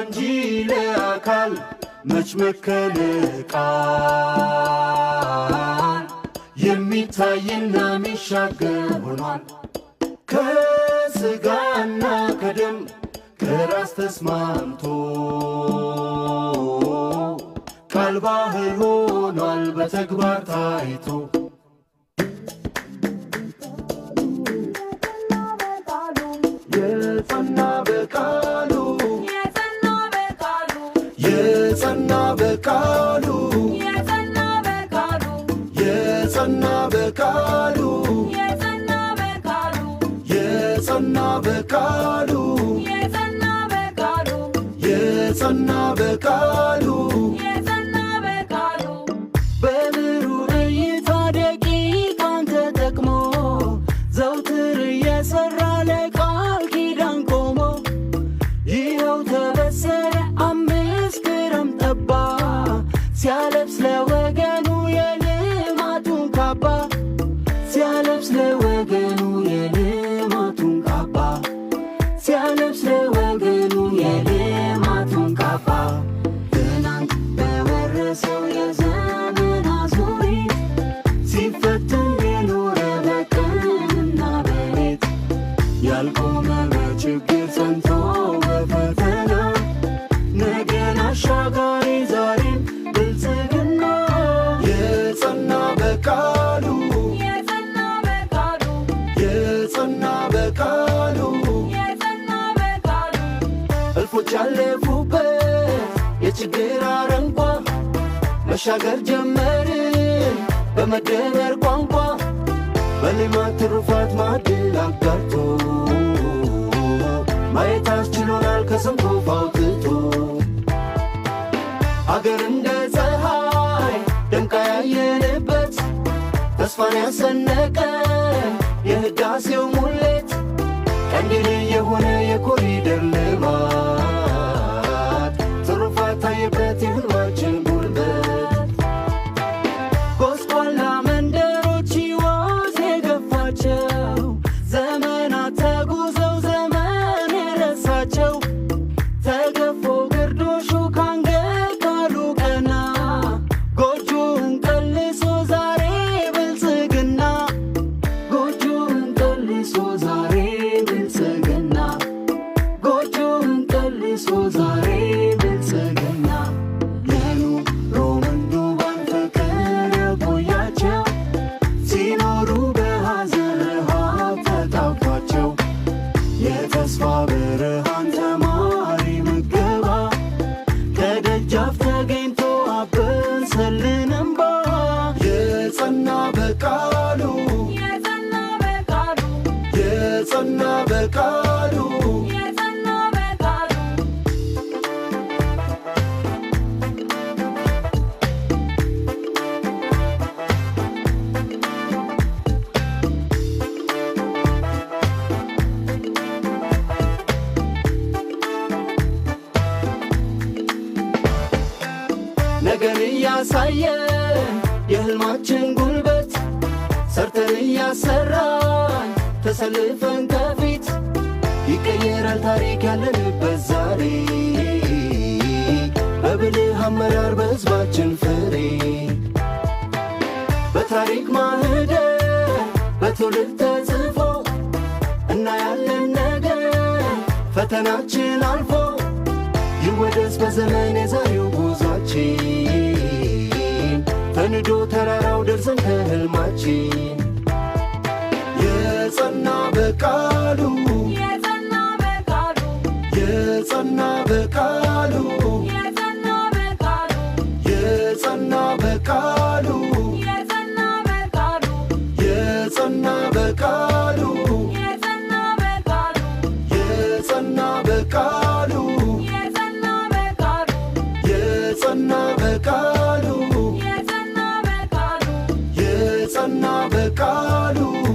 እንጂ ለአካል መች መከልቃል የሚታይና የሚሻገር ሆኗል ከስጋና ከደም ከራስ ተስማምቶ ቃል ባህል ሆኗል በተግባር ታይቶ በቃሉ የጸና በቃሉ የጸና በቃሉ የጸና በቃሉ በቃሉ በቃሉ ጸንቶ በፈተና ነገን አሻጋሪ ዛሬም ብልጽግና የጸና በቃሉ የጸና በቃሉ እልፎች ያለፉበት የችግር አረንቋ መሻገር ጀመርን በመደመር ቋንቋ በሌማት ትሩፋት ማድ ተስፋን ያሰነቀ የህዳሴው ሙሌት ቀንዲል የሆነ የኮሪ የጸና በቃሉ ነገር እያሳየ የህልማችን ጉልበት ሰርተን እያሰራን ተሰልፈን ከፊት ይቀየራል ታሪክ ያለንበት ዛሬ በብልህ አመራር በሕዝባችን ፍሬ በታሪክ ማህደ በትውልድ ተጽፎ ያለን ነገር ፈተናችን አልፎ ይወደስ በዘመን የዛሬው ጉዟችን ተንዶ ተራራው ደርሰን ከህልማችን በቃሉ የጸና በቃሉ የጸና በቃሉ የጸና በቃሉ የጸና በቃሉ የጸና በቃሉ የጸና በቃሉ